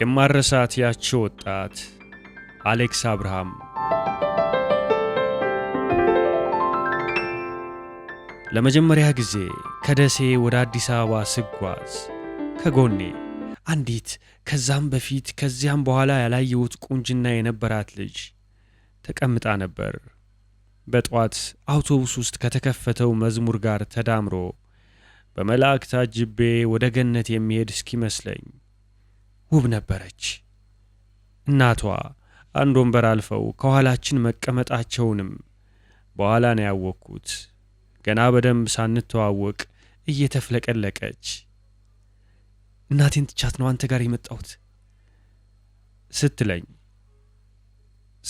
የማረሳት ያቺ ወጣት አሌክስ አብርሃም ለመጀመሪያ ጊዜ ከደሴ ወደ አዲስ አበባ ስጓዝ ከጎኔ አንዲት ከዛም በፊት ከዚያም በኋላ ያላየሁት ቁንጅና የነበራት ልጅ ተቀምጣ ነበር። በጠዋት አውቶቡስ ውስጥ ከተከፈተው መዝሙር ጋር ተዳምሮ በመላእክት አጅቤ ወደ ገነት የሚሄድ እስኪመስለኝ ውብ ነበረች። እናቷ አንድ ወንበር አልፈው ከኋላችን መቀመጣቸውንም በኋላ ነው ያወቅኩት። ገና በደንብ ሳንተዋወቅ እየተፍለቀለቀች እናቴን ትቻት ነው አንተ ጋር የመጣሁት ስትለኝ፣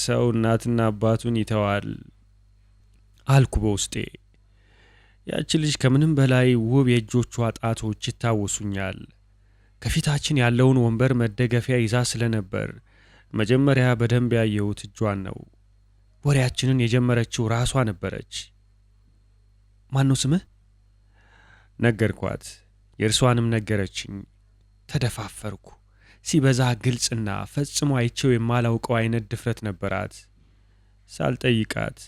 ሰው እናትና አባቱን ይተዋል አልኩ በውስጤ። ያቺ ልጅ ከምንም በላይ ውብ የእጆቿ ጣቶች ይታወሱኛል። ከፊታችን ያለውን ወንበር መደገፊያ ይዛ ስለነበር መጀመሪያ በደንብ ያየሁት እጇን ነው። ወሬያችንን የጀመረችው ራሷ ነበረች። ማን ነው ስምህ? ነገርኳት። የእርሷንም ነገረችኝ። ተደፋፈርኩ። ሲበዛ ግልጽና ፈጽሞ አይቼው የማላውቀው አይነት ድፍረት ነበራት። ሳልጠይቃት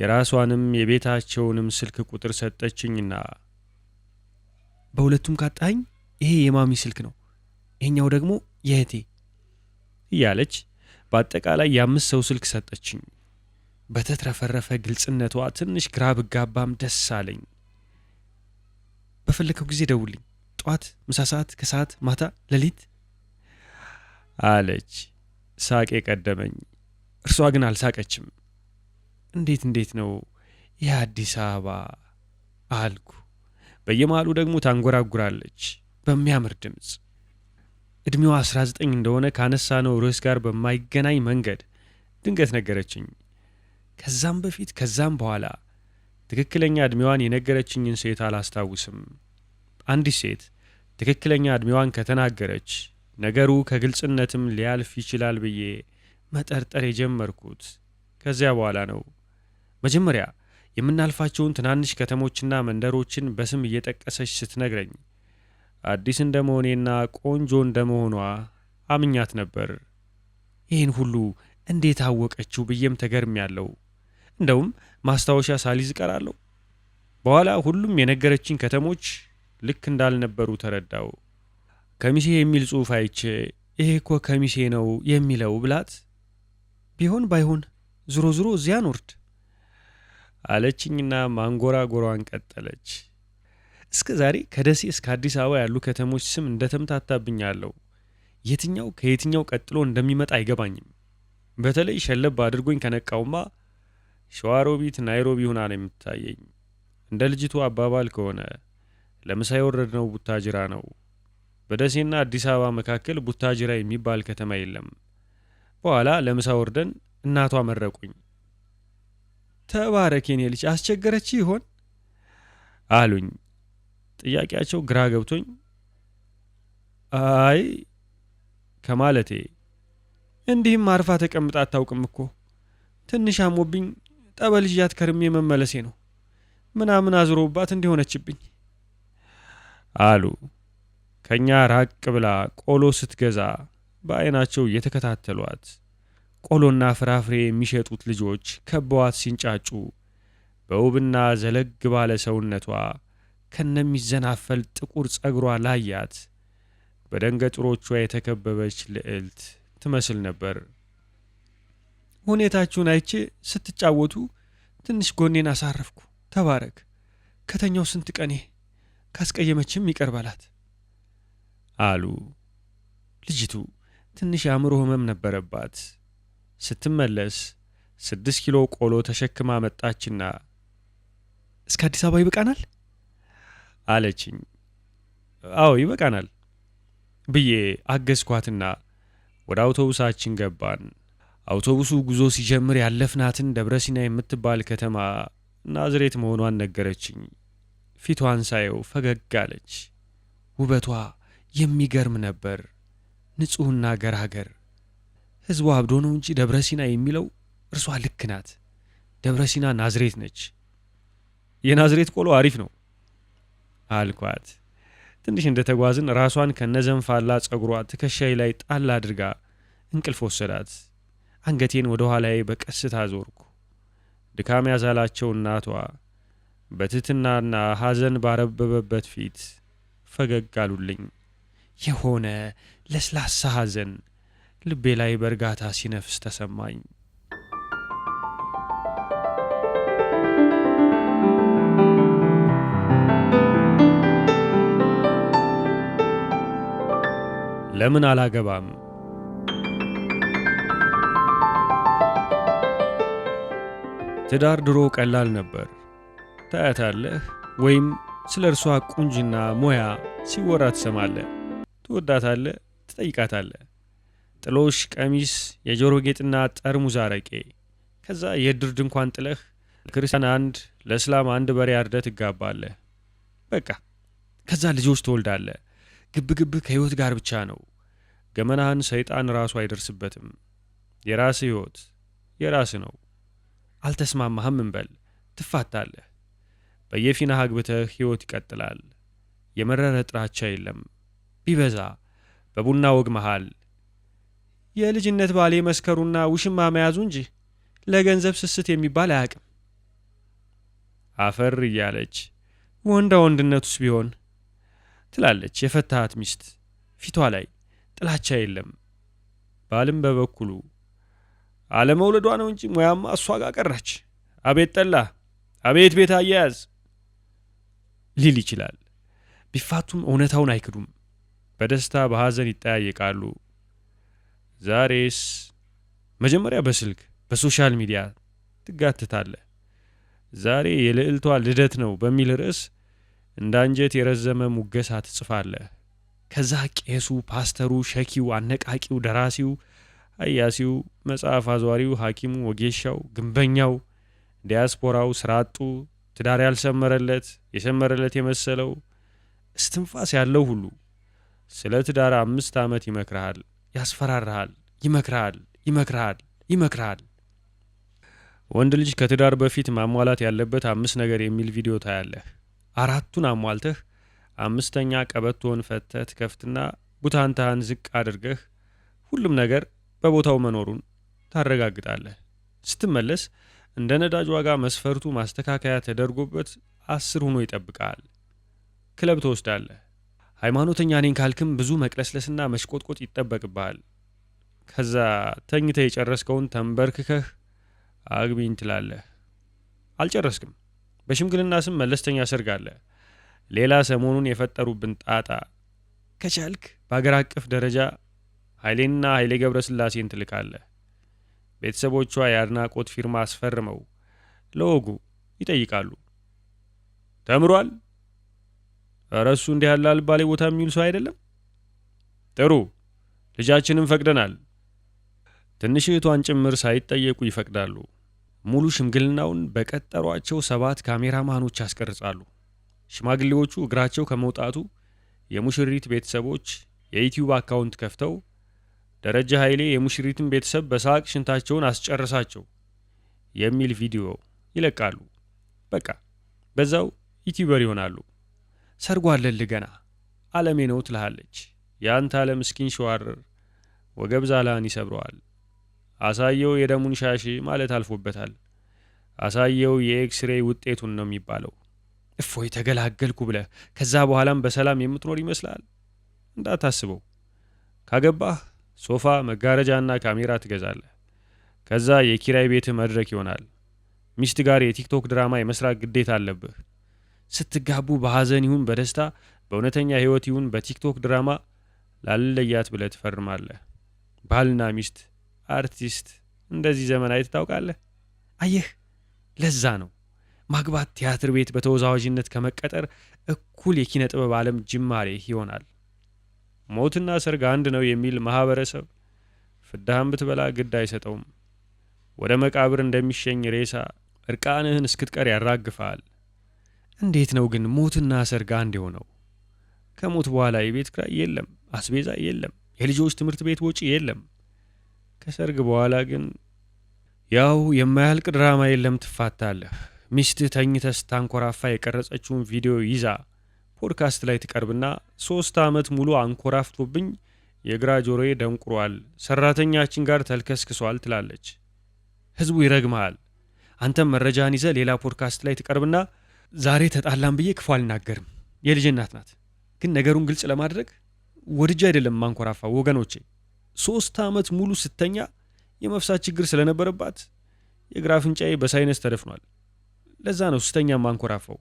የራሷንም የቤታቸውንም ስልክ ቁጥር ሰጠችኝና በሁለቱም ካጣኝ ይሄ የማሚ ስልክ ነው፣ ይሄኛው ደግሞ የእህቴ እያለች በአጠቃላይ የአምስት ሰው ስልክ ሰጠችኝ። በተትረፈረፈ ግልጽነቷ ትንሽ ግራ ብጋባም ደስ አለኝ። በፈለከው ጊዜ ደውልኝ፣ ጠዋት፣ ምሳ ሰዓት፣ ከሰዓት፣ ማታ፣ ሌሊት አለች። ሳቄ ቀደመኝ። እርሷ ግን አልሳቀችም። እንዴት እንዴት ነው የአዲስ አበባ አልኩ። በየመሃሉ ደግሞ ታንጎራጉራለች። በሚያምር ድምፅ እድሜው 19 እንደሆነ ካነሳነው ርዕስ ጋር በማይገናኝ መንገድ ድንገት ነገረችኝ። ከዛም በፊት ከዛም በኋላ ትክክለኛ እድሜዋን የነገረችኝን ሴት አላስታውስም። አንዲት ሴት ትክክለኛ እድሜዋን ከተናገረች ነገሩ ከግልጽነትም ሊያልፍ ይችላል ብዬ መጠርጠር የጀመርኩት ከዚያ በኋላ ነው። መጀመሪያ የምናልፋቸውን ትናንሽ ከተሞችና መንደሮችን በስም እየጠቀሰች ስትነግረኝ አዲስ እንደመሆኔና ቆንጆ እንደመሆኗ አምኛት ነበር። ይህን ሁሉ እንዴት አወቀችው ብዬም ተገርሚያለው። እንደውም ማስታወሻ ሳሊዝ ቀራለሁ። በኋላ ሁሉም የነገረችኝ ከተሞች ልክ እንዳልነበሩ ተረዳው። ከሚሴ የሚል ጽሑፍ አይቼ ይሄ እኮ ከሚሴ ነው የሚለው ብላት ቢሆን ባይሆን ዝሮ ዝሮ እዚያ ኖርድ አለችኝና ማንጎራጎሯን ቀጠለች። እስከ ዛሬ ከደሴ እስከ አዲስ አበባ ያሉ ከተሞች ስም እንደተምታታብኝ አለው። የትኛው ከየትኛው ቀጥሎ እንደሚመጣ አይገባኝም። በተለይ ሸለብ አድርጎኝ ከነቃውማ ሸዋሮቢት ናይሮቢ ሁና ነው የምታየኝ። እንደ ልጅቱ አባባል ከሆነ ለምሳ የወረድነው ቡታጅራ ነው። በደሴና አዲስ አበባ መካከል ቡታጅራ የሚባል ከተማ የለም። በኋላ ለምሳ ወርደን እናቷ መረቁኝ። ተባረኬን ልጅ አስቸገረች ይሆን አሉኝ። ጥያቄያቸው ግራ ገብቶኝ አይ ከማለቴ እንዲህም አርፋ ተቀምጣ አታውቅም እኮ ትንሽ አሞብኝ ጠበል ዣት ከርሜ መመለሴ ነው ምናምን አዝሮባት እንዲሆነችብኝ አሉ። ከእኛ ራቅ ብላ ቆሎ ስትገዛ በአይናቸው እየተከታተሏት ቆሎና ፍራፍሬ የሚሸጡት ልጆች ከበዋት ሲንጫጩ በውብና ዘለግ ባለ ሰውነቷ ከነሚዘናፈል ጥቁር ጸጉሯ ላያት። በደንገጥሮቿ የተከበበች ልዕልት ትመስል ነበር። ሁኔታችሁን አይቼ ስትጫወቱ ትንሽ ጎኔን አሳረፍኩ። ተባረክ። ከተኛው ስንት ቀኔ ካስቀየመችም ይቀርበላት አሉ። ልጅቱ ትንሽ የአእምሮ ህመም ነበረባት። ስትመለስ ስድስት ኪሎ ቆሎ ተሸክማ መጣችና እስከ አዲስ አበባ ይበቃናል አለችኝ። አዎ ይበቃናል ብዬ አገዝኳትና ወደ አውቶቡሳችን ገባን። አውቶቡሱ ጉዞ ሲጀምር ያለፍናትን ደብረሲና የምትባል ከተማ ናዝሬት መሆኗን ነገረችኝ። ፊቷን ሳየው ፈገግ አለች። ውበቷ የሚገርም ነበር። ንጹሕና ገራገር ሕዝቡ አብዶ ነው እንጂ ደብረሲና የሚለው እርሷ ልክ ናት። ደብረሲና ናዝሬት ነች። የናዝሬት ቆሎ አሪፍ ነው አልኳት። ትንሽ እንደተጓዝን ራሷን ከነዘንፋላ ጸጉሯ ትከሻዬ ላይ ጣል አድርጋ እንቅልፍ ወሰዳት። አንገቴን ወደ ኋላዬ በቀስታ ዞርኩ። ድካም ያዛላቸው እናቷ በትህትናና ሐዘን ባረበበበት ፊት ፈገግ አሉልኝ። የሆነ ለስላሳ ሐዘን ልቤ ላይ በእርጋታ ሲነፍስ ተሰማኝ። ለምን አላገባም? ትዳር ድሮ ቀላል ነበር። ታያታለህ ወይም ስለ እርሷ ቁንጅና፣ ሙያ ሲወራ ትሰማለህ። ትወዳታለህ፣ ትጠይቃታለህ። ጥሎሽ፣ ቀሚስ፣ የጆሮ ጌጥና ጠርሙዝ አረቄ። ከዛ የእድር ድንኳን ጥለህ ለክርስቲያን አንድ ለእስላም አንድ በሬ አርደ ትጋባለህ። በቃ ከዛ ልጆች ትወልዳለህ። ግብግብ ከህይወት ጋር ብቻ ነው። ገመናህን ሰይጣን ራሱ አይደርስበትም። የራስ ሕይወት የራስ ነው። አልተስማማህም እንበል፣ ትፋታለህ። በየፊናህ አግብተህ ሕይወት ይቀጥላል። የመረረ ጥራቻ የለም። ቢበዛ በቡና ወግ መሃል የልጅነት ባሌ መስከሩና ውሽማ መያዙ እንጂ ለገንዘብ ስስት የሚባል አያውቅም። አፈር እያለች ወንዳ ወንድነቱስ ቢሆን ትላለች የፈታሃት ሚስት ፊቷ ላይ ጥላቻ የለም። ባልም በበኩሉ አለመውለዷ ነው እንጂ ሙያማ እሷ ጋር ቀራች። አቤት ጠላ፣ አቤት ቤት አያያዝ ሊል ይችላል። ቢፋቱም እውነታውን አይክዱም። በደስታ በሐዘን ይጠያየቃሉ። ዛሬስ መጀመሪያ በስልክ በሶሻል ሚዲያ ትጋትታለህ። ዛሬ የልዕልቷ ልደት ነው በሚል ርዕስ እንደ አንጀት የረዘመ ሙገሳ ትጽፋለህ። ከዛ ቄሱ፣ ፓስተሩ፣ ሸኪው፣ አነቃቂው፣ ደራሲው፣ አያሲው፣ መጽሐፍ አዟሪው፣ ሐኪሙ፣ ወጌሻው፣ ግንበኛው፣ ዲያስፖራው፣ ስራጡ፣ ትዳር ያልሰመረለት፣ የሰመረለት የመሰለው እስትንፋስ ያለው ሁሉ ስለ ትዳር አምስት ዓመት ይመክርሃል፣ ያስፈራርሃል፣ ይመክርሃል፣ ይመክርሃል፣ ይመክርሃል። ወንድ ልጅ ከትዳር በፊት ማሟላት ያለበት አምስት ነገር የሚል ቪዲዮ ታያለህ። አራቱን አሟልተህ አምስተኛ ቀበቶን ፈተህ ትከፍትና ቡታንታህን ዝቅ አድርገህ ሁሉም ነገር በቦታው መኖሩን ታረጋግጣለህ። ስትመለስ እንደ ነዳጅ ዋጋ መስፈርቱ ማስተካከያ ተደርጎበት አስር ሆኖ ይጠብቃል። ክለብ ትወስዳለህ። ሃይማኖተኛ ነኝ ካልክም ብዙ መቅለስለስና መሽቆጥቆጥ ይጠበቅብሃል። ከዛ ተኝተህ የጨረስከውን ተንበርክከህ አግቢኝ ትላለህ። አልጨረስክም። በሽምግልና ስም መለስተኛ ሰርግ ሌላ ሰሞኑን የፈጠሩብን ጣጣ ከቻልክ በአገር አቀፍ ደረጃ ኃይሌና ኃይሌ ስላሴን ትልካለህ። ቤተሰቦቿ የአድናቆት ፊርማ አስፈርመው ለወጉ ይጠይቃሉ። ተምሯል። ኧረ እሱ እንዲህ ያለ አልባሌ ቦታ የሚውል ሰው አይደለም። ጥሩ ልጃችንም ፈቅደናል። ትንሽ እህቷን ጭምር ሳይጠየቁ ይፈቅዳሉ። ሙሉ ሽምግልናውን በቀጠሯቸው ሰባት ካሜራማኖች ያስቀርጻሉ። ሽማግሌዎቹ እግራቸው ከመውጣቱ የሙሽሪት ቤተሰቦች የዩትዩብ አካውንት ከፍተው ደረጀ ኃይሌ የሙሽሪትን ቤተሰብ በሳቅ ሽንታቸውን አስጨርሳቸው የሚል ቪዲዮ ይለቃሉ። በቃ በዛው ዩትዩበር ይሆናሉ። ሰርጎ አለል ገና አለሜ ነው ትልሃለች። ያንተ አለ ምስኪን ሸዋርር ወገብ ዛላን ይሰብረዋል። አሳየው የደሙን ሻሽ ማለት አልፎበታል። አሳየው የኤክስሬይ ውጤቱን ነው የሚባለው። እፎይ ተገላገልኩ ብለህ ከዛ በኋላም በሰላም የምትኖር ይመስላል? እንዳታስበው። ካገባህ ሶፋ፣ መጋረጃና ካሜራ ትገዛለህ። ከዛ የኪራይ ቤትህ መድረክ ይሆናል። ሚስት ጋር የቲክቶክ ድራማ የመስራት ግዴታ አለብህ። ስትጋቡ በሐዘን ይሁን በደስታ በእውነተኛ ህይወት ይሁን በቲክቶክ ድራማ ላለያት ብለህ ትፈርማለህ። ባልና ሚስት፣ አርቲስት፣ እንደዚህ ዘመን አይት ታውቃለህ። አየህ፣ ለዛ ነው ማግባት ቲያትር ቤት በተወዛዋዥነት ከመቀጠር እኩል የኪነ ጥበብ ዓለም ጅማሬ ይሆናል። ሞትና ሰርግ አንድ ነው የሚል ማህበረሰብ ፍዳህን ብትበላ ግድ አይሰጠውም። ወደ መቃብር እንደሚሸኝ ሬሳ እርቃንህን እስክትቀር ያራግፋል። እንዴት ነው ግን ሞትና ሰርግ አንድ የሆነው? ከሞት በኋላ የቤት ክራይ የለም፣ አስቤዛ የለም፣ የልጆች ትምህርት ቤት ወጪ የለም። ከሰርግ በኋላ ግን ያው የማያልቅ ድራማ የለም፣ ትፋታለህ። ሚስትህ ተኝተህ ስታንኮራፋ የቀረጸችውን ቪዲዮ ይዛ ፖድካስት ላይ ትቀርብና ሶስት ዓመት ሙሉ አንኮራፍቶብኝ የግራ ጆሮዬ ደንቁሯል፣ ሰራተኛችን ጋር ተልከስክሷል ትላለች። ህዝቡ ይረግመሃል። አንተም መረጃን ይዘ ሌላ ፖድካስት ላይ ትቀርብና ዛሬ ተጣላም ብዬ ክፉ አልናገርም፣ የልጅ እናት ናት። ግን ነገሩን ግልጽ ለማድረግ ወድጄ አይደለም ማንኮራፋ። ወገኖቼ ሶስት ዓመት ሙሉ ስተኛ የመፍሳት ችግር ስለነበረባት የግራ አፍንጫዬ በሳይነስ ተደፍኗል። ለዛ ነው ስተኛ ማንኮራፈው።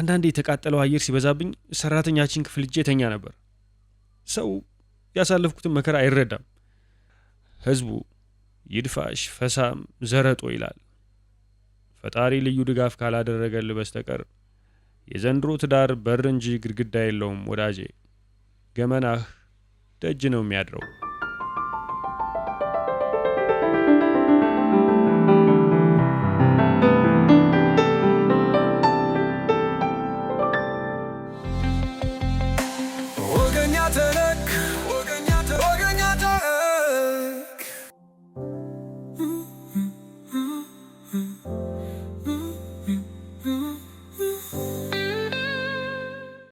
አንዳንዴ የተቃጠለው አየር ሲበዛብኝ ሰራተኛችን ክፍል እጄ ተኛ ነበር። ሰው ያሳለፍኩትን መከራ አይረዳም። ህዝቡ ይድፋሽ ፈሳም ዘረጦ ይላል። ፈጣሪ ልዩ ድጋፍ ካላደረገል በስተቀር የዘንድሮ ትዳር በር እንጂ ግድግዳ የለውም ወዳጄ። ገመናህ ደጅ ነው የሚያድረው።